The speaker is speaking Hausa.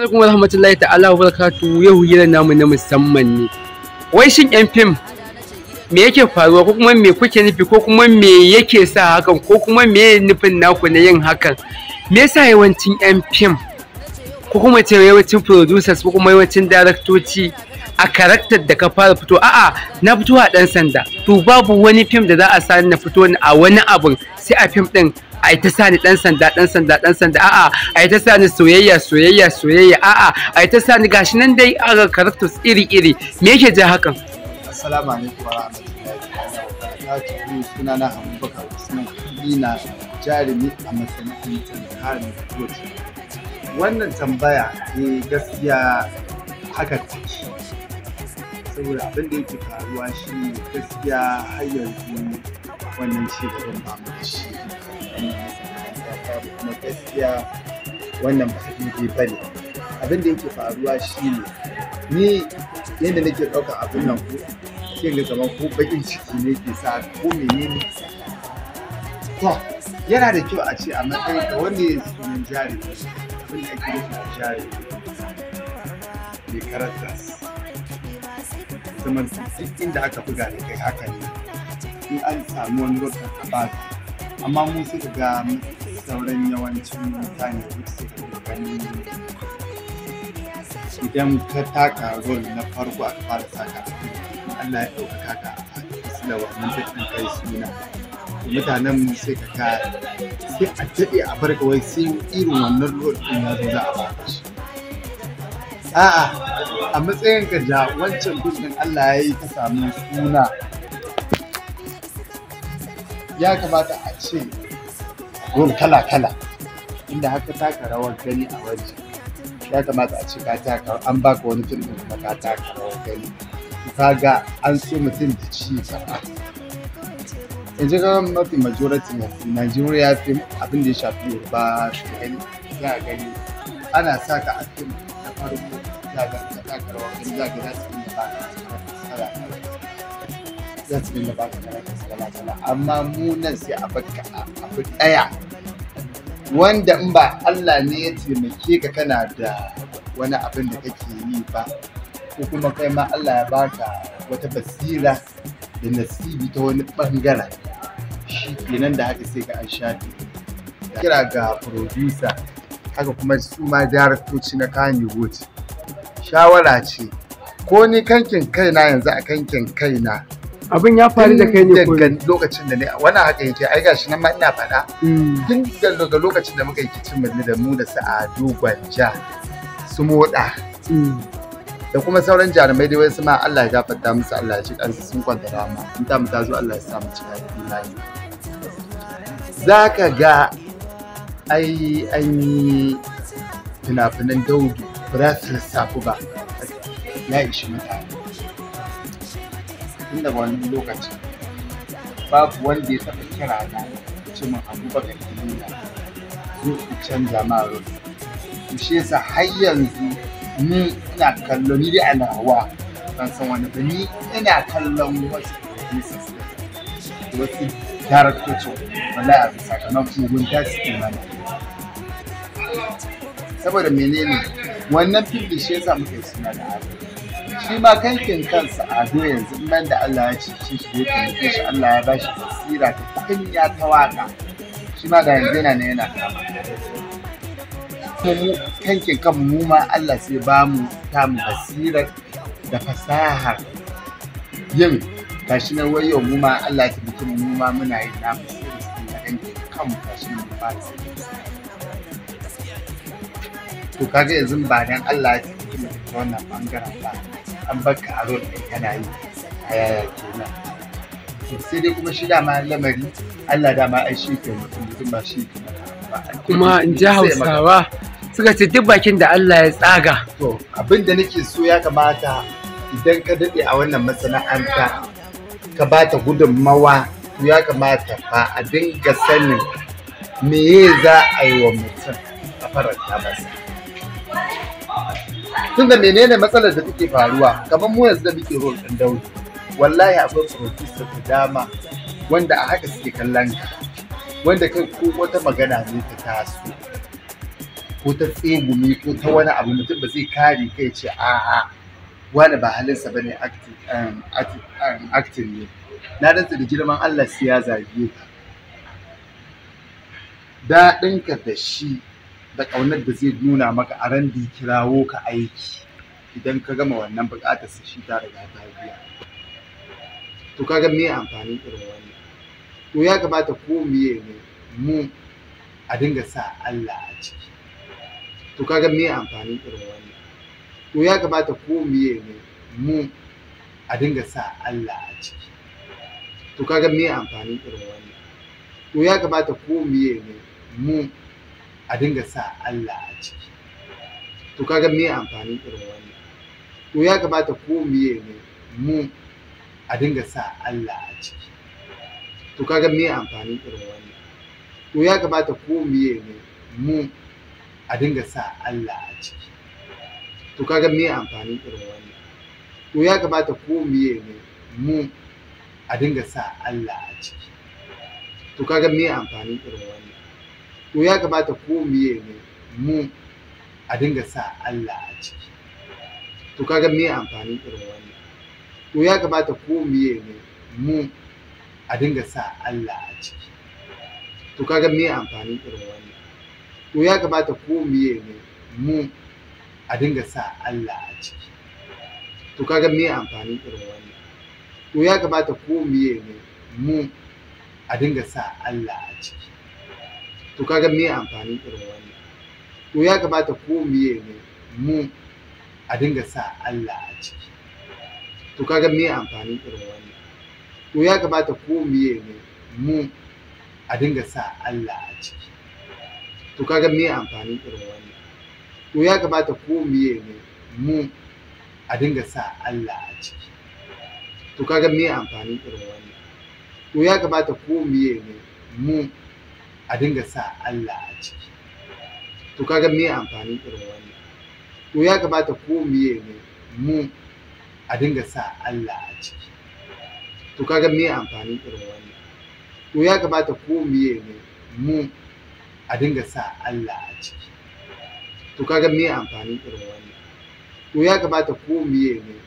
Assalamu rahmatullahi ta'ala wa barakatu yau hirar namu na musamman ne. Wai shin yan fim me yake faruwa ko kuma me kuke nufi ko kuma me yake sa hakan ko kuma me nufin naku na yin hakan? Me yasa yawancin yan fim ko kuma ce yawancin producers ko kuma yawancin daraktoci a karaktar da ka fara fito a'a na fito a ɗan sanda to babu wani fim da za a sani na fito a wani abun sai a fim ɗin? ai ta sani ɗan sanda ɗan sanda ɗan sanda a'a ai ta sani soyayya soyayya soyayya a'a ai ta sani gashi nan dai ga characters iri iri me yake ja hakan assalamu alaikum wa rahmatullahi suna na abubakar usman ina jarumi a masana'antar harin kotu wannan tambaya ne gaskiya haka take saboda abin da yake faruwa shi gaskiya har yanzu wannan shi gaban ba mu da shi gaskiya wannan ba daidai ba ne abin da yake faruwa shi ne ni yadda nake ɗaukar abin nan ko ke ga zaman ko baƙin ciki ne ke sa ko ne? to yana da kyau a ce a matsayin ka wanda ya sunan jari abin da ake nufi a jari ne karatas zaman duk inda aka buga da kai haka ne in an samu wani rotan a amma mun suka ga sauran yawancin mutane idan ka taka rol na farko a fara saka Allah ya ɗaukaka ka da wannan kai suna mutanen mu sai ka ka sai a daɗe a farka wai sai irin wannan rol ɗin ya zo za a ba shi a'a a matsayin ka ja wancan gudun Allah ya yi ka samu suna ya kamata a ce gol kala-kala inda haka taka rawar gani a wajen ya kamata a ce ka taka an baka wani fim kuma ka taka rawar gani ka ga an so mutum da ci gaba in ji ga mafi majority na Nigeria fim abin da ya shafi ba shi gani za a gani ana ka a fim na farko za ga ka taka rawar gani za ga za su da ba za su yi ba kala-kala amma mu nan sai a bakka abu ɗaya wanda in ba Allah ne ya taimake ka kana da wani abin da kake yi ba ko kuma kai ma Allah ya baka wata basira da nasibi ta wani bangaren shi kenan da haka sai ka an shaɗi kira ga producer haka kuma su ma daraktoci na kayan wood shawara ce ko ni kankin kaina yanzu a kankin kaina abin ya faru da kai ne ko daga lokacin da ne wannan haka yake ai gashi nan ma ina faɗa mm. tun daga lokacin da muka yi kicin madina da mu da sa'adu gwanja su moda mm. da kuma sauran jarumai dai wasu ma Allah ya gafarta musu Allah ya ci kansu sun kwanta rama in ta mu zo Allah ya sa mu ci lafiya zaka ga ai an yi fina-finan daudu ba za su ku ba ya ishi mutane tun da wani lokaci babu wanda ya taɓa kira na ce min abubakar duniya zo ku canza ma rufe to har yanzu ni ina kallon ni dai alawa, nawa ban san wani ba ni ina kallon wasu producers da wasu directors wala a sakamakon gunta suke mana saboda menene wannan fim da shi yasa muke suna da shi ma kankin kansa ado yanzu in ban da Allah ya cece shi ya shi Allah ya bashi shi basira ta kunya ta waka shi ma da yanzu yana ne yana kama mu kankin kan mu ma Allah sai ba mu ta mu basira da fasaha yin gashi na wayo mu ma Allah ya taimake mu ma muna yin namu kankin kan mu gashi na ba to kaga yanzu ba dan Allah ya wannan bangaren ba an baka aro ɗin kana yi a yaya na. sai dai kuma shi dama lamari Allah dama ai shi ke mutum mutum ba shi ke kuma in ji hausawa suka ce duk bakin da Allah ya tsaga to abin da nake so ya kamata idan ka daɗe a wannan masana'anta ka ba ta gudunmawa to ya kamata ba a dinga sanin meye za a yi wa mutum a faranta masa tunda menene matsalar da take faruwa kamar mu yanzu da muke rol din dauri wallahi akwai producer da dama wanda a haka suke kallon ka wanda kai ko wata magana ne ta taso ko ta tsegumi ko ta wani abu mutum ba zai kare kai ce a'a wani ba halinsa ba ne acting um, um, ne na rantsa da girman Allah sai ya zage ka daɗinka da shi da ƙaunar da zai nuna maka a ran da ya kirawo ka aiki idan ka gama wannan buƙatar sa shi ta riga ta biya to kaga me amfanin irin wannan to ya kamata ko miye ne mu a dinga sa Allah a ciki to kaga me amfanin irin wannan to ya kamata ko miye ne mu a dinga sa Allah a ciki to kaga me amfanin irin wannan to ya kamata ko miye ne mu a dinga sa Allah a ciki to kaga me amfanin irin wannan to ya kamata ko miye ne mu a dinga sa Allah a ciki to kaga me amfanin irin wannan to ya kamata ko miye ne mu a dinga sa Allah a ciki to kaga me amfanin irin wannan to ya kamata ko miye ne mu a dinga sa Allah a ciki to kaga me amfanin irin wannan to ya kamata ko miye ne mu a dinga sa Allah a ciki to kaga me amfanin irin wannan to ya kamata ko miye ne mu a dinga sa Allah a ciki to kaga me amfanin irin wannan to ya kamata ko miye ne mu a dinga sa Allah a ciki to kaga me amfanin irin wannan to ya kamata ko miye ne mu a dinga sa Allah a ciki to kaga me amfanin irin wannan to ya kamata ko miye ne mu a dinga sa Allah a ciki to kaga me amfanin irin wannan to ya kamata ko miye ne mu a dinga sa Allah a ciki to kaga me amfanin irin wannan to ya kamata ko miye ne mu a dinga sa Allah a ciki to kaga me amfanin irin wannan to ya kamata ko miye ne mu a dinga sa Allah a ciki to kaga me amfanin irin wannan to ya kamata ko miye ne mu a dinga sa Allah a ciki to kaga me amfanin irin wannan to ya kamata ko miye ne mu a dinga sa Allah a ciki to kaga me amfanin irin wannan to ya kamata ko miye ne